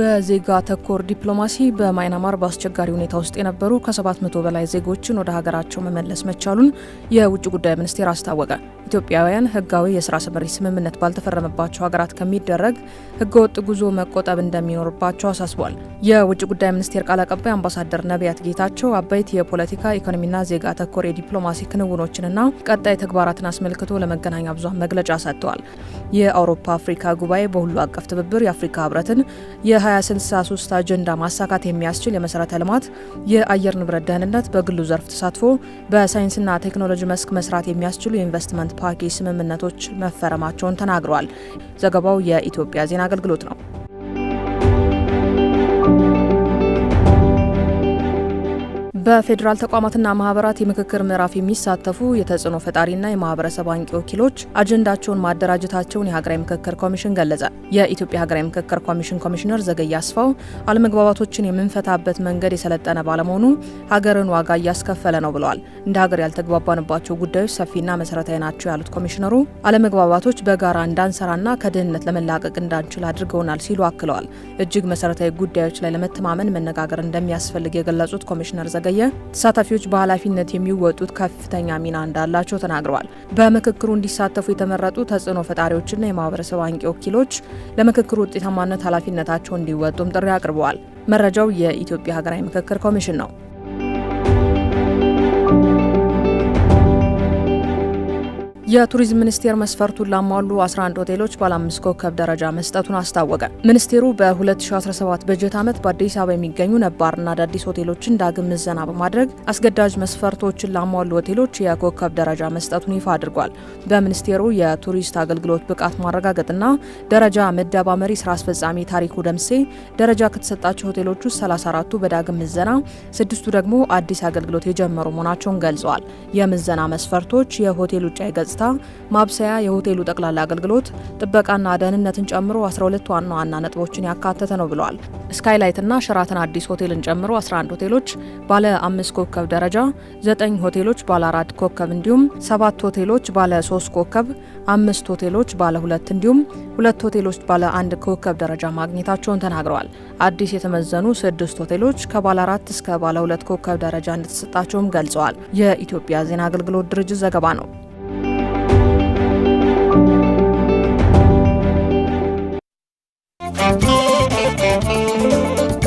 በዜጋ ተኮር ዲፕሎማሲ በማይናማር በአስቸጋሪ ሁኔታ ውስጥ የነበሩ ከ700 በላይ ዜጎችን ወደ ሀገራቸው መመለስ መቻሉን የውጭ ጉዳይ ሚኒስቴር አስታወቀ። ኢትዮጵያውያን ሕጋዊ የስራ ስምሪት ስምምነት ባልተፈረመባቸው ሀገራት ከሚደረግ ሕገወጥ ጉዞ መቆጠብ እንደሚኖርባቸው አሳስቧል። የውጭ ጉዳይ ሚኒስቴር ቃል አቀባይ አምባሳደር ነቢያት ጌታቸው አበይት የፖለቲካ ኢኮኖሚና ዜጋ ተኮር የዲፕሎማሲ ክንውኖችንና ቀጣይ ተግባራትን አስመልክቶ ለመገናኛ ብዙኃን መግለጫ ሰጥተዋል። የአውሮፓ አፍሪካ ጉባኤ በሁሉ አቀፍ ትብብር የአፍሪካ ህብረትን የ2063 አጀንዳ ማሳካት የሚያስችል የመሰረተ ልማት፣ የአየር ንብረት ደህንነት፣ በግሉ ዘርፍ ተሳትፎ፣ በሳይንስና ቴክኖሎጂ መስክ መስራት የሚያስችሉ የኢንቨስትመንት ፓኬጅ ስምምነቶች መፈረማቸውን ተናግረዋል። ዘገባው የኢትዮጵያ ዜና አገልግሎት ነው። በፌዴራል ተቋማትና ማህበራት የምክክር ምዕራፍ የሚሳተፉ የተጽዕኖ ፈጣሪና የማህበረሰብ አንቂ ወኪሎች አጀንዳቸውን ማደራጀታቸውን የሀገራዊ ምክክር ኮሚሽን ገለጸ። የኢትዮጵያ ሀገራዊ ምክክር ኮሚሽን ኮሚሽነር ዘገየ አስፋው አለመግባባቶችን የምንፈታበት መንገድ የሰለጠነ ባለመሆኑ ሀገርን ዋጋ እያስከፈለ ነው ብለዋል። እንደ ሀገር ያልተግባባንባቸው ጉዳዮች ሰፊና መሰረታዊ ናቸው ያሉት ኮሚሽነሩ አለመግባባቶች በጋራ እንዳንሰራና ከድህነት ለመላቀቅ እንዳንችል አድርገውናል ሲሉ አክለዋል። እጅግ መሰረታዊ ጉዳዮች ላይ ለመተማመን መነጋገር እንደሚያስፈልግ የገለጹት ኮሚሽነር ዘገየ እየታየ ተሳታፊዎች በኃላፊነት የሚወጡት ከፍተኛ ሚና እንዳላቸው ተናግረዋል። በምክክሩ እንዲሳተፉ የተመረጡ ተጽዕኖ ፈጣሪዎችና የማህበረሰብ አንቂ ወኪሎች ለምክክሩ ውጤታማነት ኃላፊነታቸው እንዲወጡም ጥሪ አቅርበዋል። መረጃው የኢትዮጵያ ሀገራዊ ምክክር ኮሚሽን ነው። የቱሪዝም ሚኒስቴር መስፈርቱን ላሟሉ 11 ሆቴሎች ባለ አምስት ኮከብ ደረጃ መስጠቱን አስታወቀ። ሚኒስቴሩ በ2017 በጀት ዓመት በአዲስ አበባ የሚገኙ ነባርና አዳዲስ ሆቴሎችን ዳግም ምዘና በማድረግ አስገዳጅ መስፈርቶችን ላሟሉ ሆቴሎች የኮከብ ደረጃ መስጠቱን ይፋ አድርጓል። በሚኒስቴሩ የቱሪስት አገልግሎት ብቃት ማረጋገጥና ደረጃ ምደባ መሪ ስራ አስፈጻሚ ታሪኩ ደምሴ ደረጃ ከተሰጣቸው ሆቴሎች ውስጥ 34ቱ በዳግም ምዘና፣ ስድስቱ ደግሞ አዲስ አገልግሎት የጀመሩ መሆናቸውን ገልጸዋል። የምዘና መስፈርቶች የሆቴል ውጫዊ ገጽታ ደስታ፣ ማብሰያ፣ የሆቴሉ ጠቅላላ አገልግሎት፣ ጥበቃና ደህንነትን ጨምሮ 12 ዋና ዋና ነጥቦችን ያካተተ ነው ብለዋል። ስካይላይትና ሸራተን አዲስ ሆቴልን ጨምሮ 11 ሆቴሎች ባለ አምስት ኮከብ ደረጃ፣ ዘጠኝ ሆቴሎች ባለ አራት ኮከብ እንዲሁም ሰባት ሆቴሎች ባለ ሶስት ኮከብ፣ አምስት ሆቴሎች ባለ ሁለት እንዲሁም ሁለት ሆቴሎች ባለ አንድ ኮከብ ደረጃ ማግኘታቸውን ተናግረዋል። አዲስ የተመዘኑ ስድስት ሆቴሎች ከባለ አራት እስከ ባለ ሁለት ኮከብ ደረጃ እንደተሰጣቸውም ገልጸዋል። የኢትዮጵያ ዜና አገልግሎት ድርጅት ዘገባ ነው።